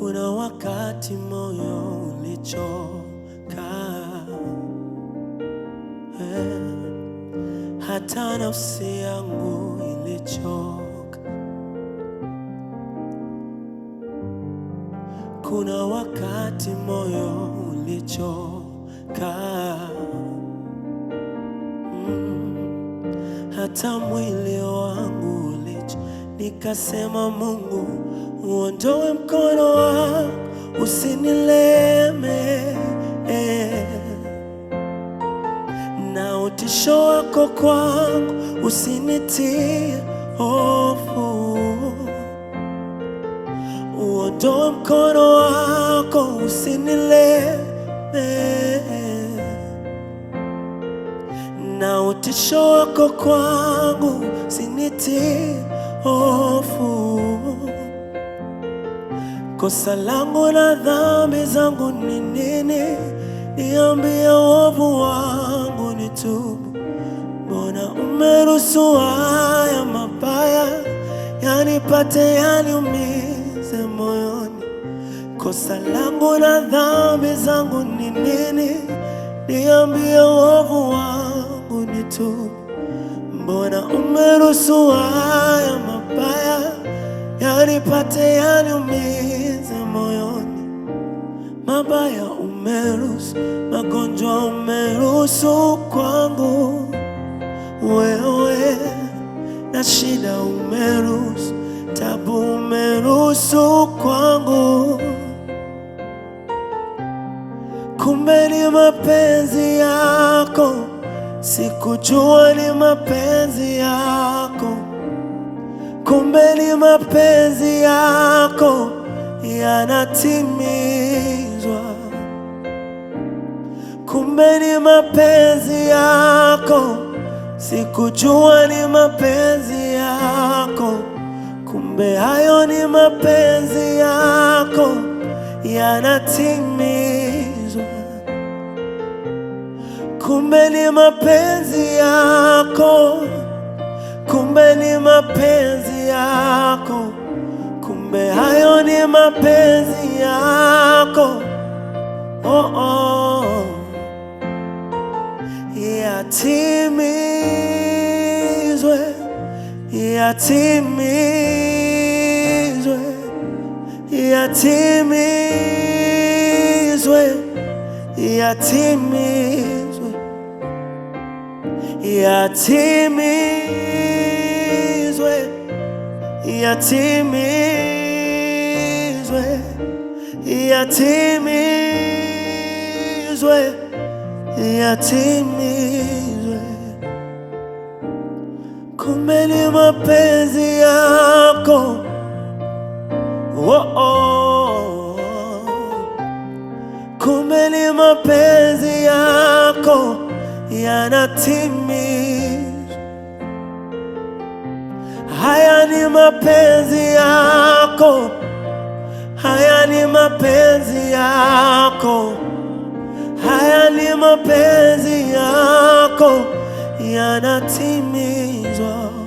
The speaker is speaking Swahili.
Kuna wakati moyo ulichoka, eh, hata nafsi yangu ilichoka. Kuna wakati moyo ulichoka, mm, hata mwili wangu ulichoka, nikasema Mungu uondoe mkono wako usinileme, eh. na utisho wako kwangu usinitie hofu. Uondoe mkono wako usinileme eh. na utisho wako kwangu usinitie hofu. Kosa langu na dhambi zangu ni nini? Niambie uovu wangu tubu Mbona umeruhusu haya mabaya yanipate, yaniumize moyoni? Kosa langu na dhambi zangu ni nini? Niambie uovu wangu tubu Mbona umeruhusu haya mabaya yanipate yaniumiza moyoni, mabaya umeruhusu, magonjwa umeruhusu kwangu wewe, na shida umeruhusu, tabu umeruhusu kwangu, kumbe ni mapenzi yako, sikujua ni mapenzi yako mapenzi yako yanatimizwa, kumbe ni mapenzi yako, sikujua ni mapenzi yako, kumbe hayo ni mapenzi yako yanatimizwa, kumbe ni mapenzi yako, kumbe ni mapenzi yako, kumbe hayo ni mapenzi yako. Oh, oh. Yatimizwe, yatimizwe, yatimizwe, yatimizwe, yatimizwe yatimizwe, yatimizwe, yatimizwe. Kumbe ni mapenzi yako oh -oh. Kumbe ni mapenzi yako yanatimizwa mapenzi yako, haya ni mapenzi yako, haya ni mapenzi yako yanatimizwa